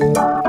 Bye.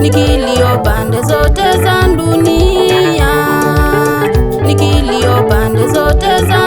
nikilio pande zote za dunia, nikilio pande zote za